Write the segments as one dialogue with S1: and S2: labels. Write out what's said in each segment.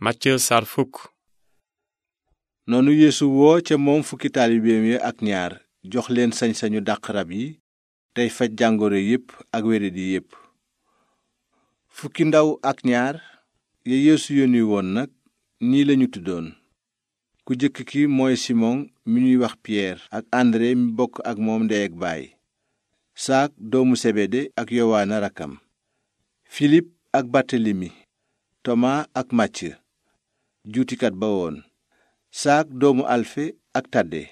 S1: Matthieu sar noonu Yeesu woo ca moom fukki taalibeem ya ak ñaar jox leen sañ-sañu dàq rab yi tey faj jàngoro yépp ak wéradi yépp fukki ndaw ak ñaar ya Yeesu yónni woon nag nii lañu tuddoon ku jëkk ki mooy Simon mi ñuy wax Pierre ak André mi bokk ak moom ndey ak baay saak doomu Sebede ak Yowaana rakkam Filip ak Bartelemi Tomaa ak Màcc juutikat ba woon saak doomu alfe ak tàdde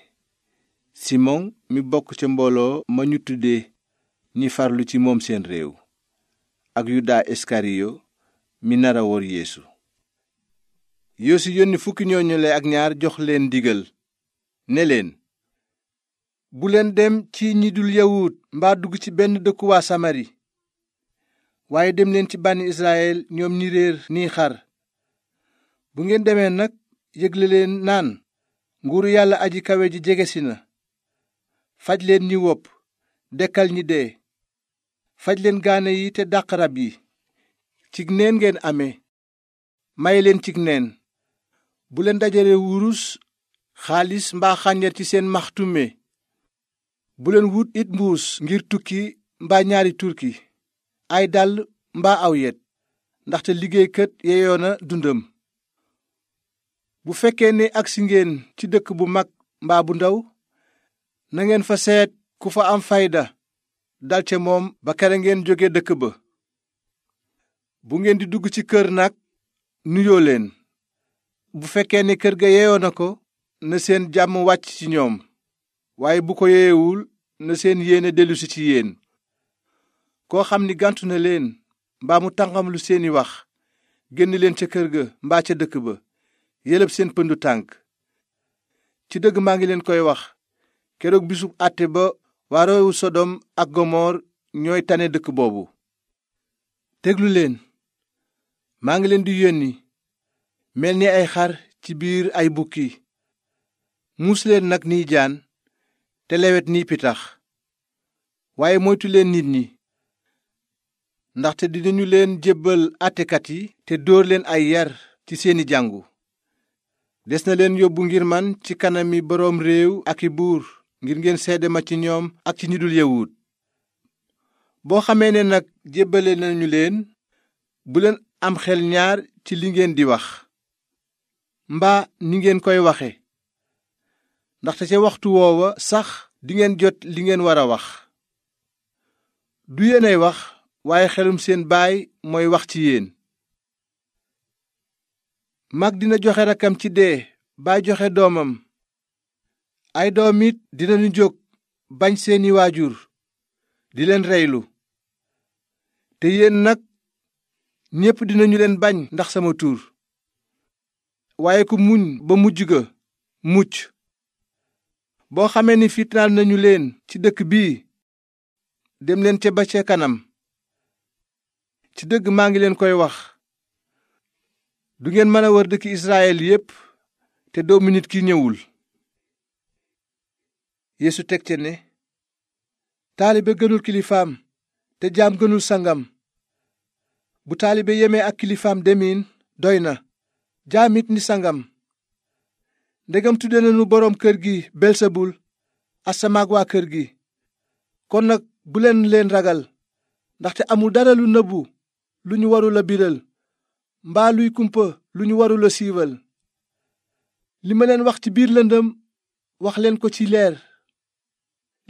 S1: simon mi bokk ca mbooloo ma ñu tudde ñi farlu ci moom seen réew ak yuda iskariyo mi nara wor yeesu yoosu yónni fukki ñooñule ak ñaar jox leen digal ne leen bu leen dem ci ñi dul yawut mbaa dugg ci benn dëkku waa samari waaye dem leen ci bànni israyil ñoom ñi réer nii xar bu ngeen demee nag yëgle leen naan nguuru yàlla aji kawe ji jege si na faj leen ñi wopp dekkal ñi dee faj leen gaane yi te dàq rab yi cig neen ngeen ame may leen cig neen bu leen dajale wurus xaalis mbaa xànjar ci seen maxtume bu leen wut it mbuus ngir tukki mbaa ñaari turki ay dàll mbaa aw yet ndaxte liggéeykat yeyoona dundam bu fekkee ne agsi ngeen ci dëkk bu mag mbaa bu ndaw na ngeen fa seet ku fa am fayda dal ca moom ba kere ngeen jóge dëkk ba bu ngeen di dugg ci kër nag nuyoo leen bu fekkee ne kër ga yeeyoo na ko na seen jàmm wàcc ci ñoom waaye bu ko yeewul na seen yéene dellusi ci yéen koo xam ni gàntu na leen mbaa mu tànqam seeni wax génn leen ca kër ga mbaa ca dëkk ba yéleb seen pëndu tànk ci dëgg maa ngi leen koy wax keroog bisub àtte ba waa réewu sodom ak gomoor ñooy tane dëkk boobu déglu leen maa ngi leen di yónni mel ni ay xar ci biir ay bukki muus nag niy jaan te lawet niy pitax waaye moytu leen nit ñi ndaxte dinañu leen jébbal àttekat yi te dóor leen ay yar ci seeni jàngu des na leen yóbbu ngir man ci kanam yi boroom réew ak i buur ngir ngeen seede ma ci ñoom ak ci ñu dul yawut boo xamee ne nag jébbale nañu leen bu leen am xel ñaar ci li ngeen di wax mbaa ni ngeen koy waxe ndaxte ca waxtu woowa sax dingeen jot li ngeen war a wax du yéen ay wax waaye xelum seen baay mooy wax ci yéen mag dina joxe rakkam ci dee baay joxe doomam ay doom it dinañu jóg bañ seeni waajur di leen reylu te yéen nag ñépp dinañu leen bañ ndax sama tur waaye ku muñ ba mujj ga mucc boo xamee ni fitnaal nañu leen ci dëkk bii dem leen ca ba ca kanam ci dëgg maa ngi leen koy wax du ngeen mën a war dëkk Israyil yépp te doomu nit ki ñëwul Yeesu teg ca ne taalibe gënul te jaam gënul sangam bu taalibe yemee ak kilifaam demiin doy na jaamit ni sangam ndegam tudde nañu boroom kër gi belsebul asamaag waa kër gi kon nag buleen leen ragal ndaxte amul dara lu nëbbu lu ñu warul a biral mbaa luy lu ñu warula siiwal li ma leen wax ci biir lëndëm wax leen ko ci leer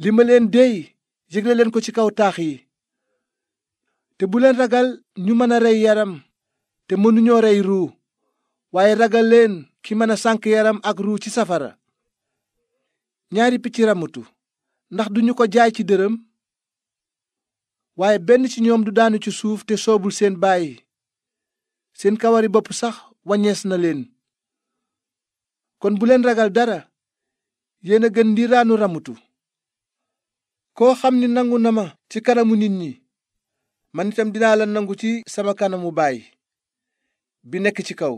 S1: li ma leen dey yëgle leen ko ci kaw taax yi te bu leen ragal ñu mën a rey yaram te mënuñoo rey ruu waaye ragal leen ki mën a sànk yaram ak ruu ci safara ñaari picc ramatu ndax duñu ko jaay ci dërëm waaye benn ci ñoom du daanu ci suuf te soobul seen bàyyi seen kawari bopp sax wàññees na leen kon bu leen ragal dara yéen a gën di raanu koo xam ni nangu na ma ci kanamu nit ñi man itam dinaa la nangu ci sama kanamu baay bi nekk ci kaw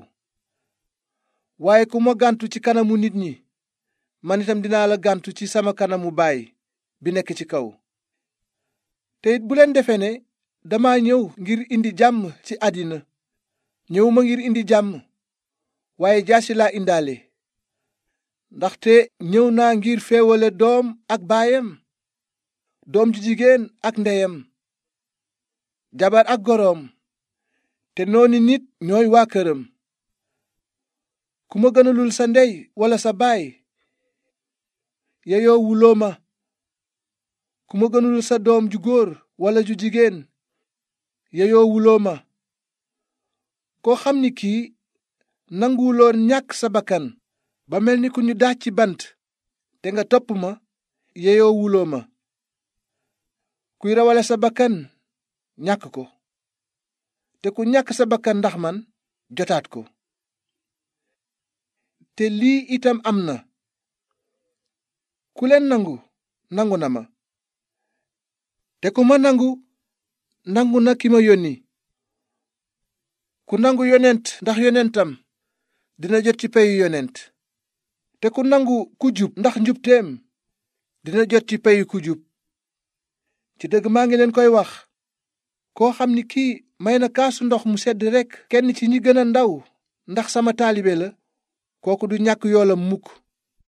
S1: waaye ku ma gàntu ci kanamu nit ñi man itam dinaa la gàntu ci sama kanamu baay bi nekk ci kaw te it bu leen defee ne dama ñëw ngir indi jàmm ci àddina ñëwuma ngir indi jàmm waaye jaasi laa indaale ndaxte ñëw naa ngir féewale doom ak baayam doom ju jigéen ak ndeyam jabar ak goroom te nooni nit ñooy waa këram ku ma gënalul sa ndey walla sa baay yeyoo wuloo ma ku ma gënalul sa doom ju góor walla ju jigéen yeyoo wuloo ma koo xam ni kii nanguwuloo ñàkk sa bakkan ba mel ni ku ñu daaj ci bant te nga topp ma yeyoo wuloo ma kuy rawale sa bakkan ñàkk ko te ku ñàkk sa bakkan ndax man jotaat ko te lii itam am na ku leen nangu nangu na ma te ku ma nangu nangu na ki ma yónni ku nangu yonent ndax yonentam dina jot ci peyu yonent te ku nangu ku jub ndax njubteem dina jot ci peyu ku jub ci dégg maa ngi leen koy wax koo xam ni kii may na kaasu ndox mu sedd rekk kenn ci ñi gën a ndaw ndax sama taalibe la kooku du ñàkk yoolam mukk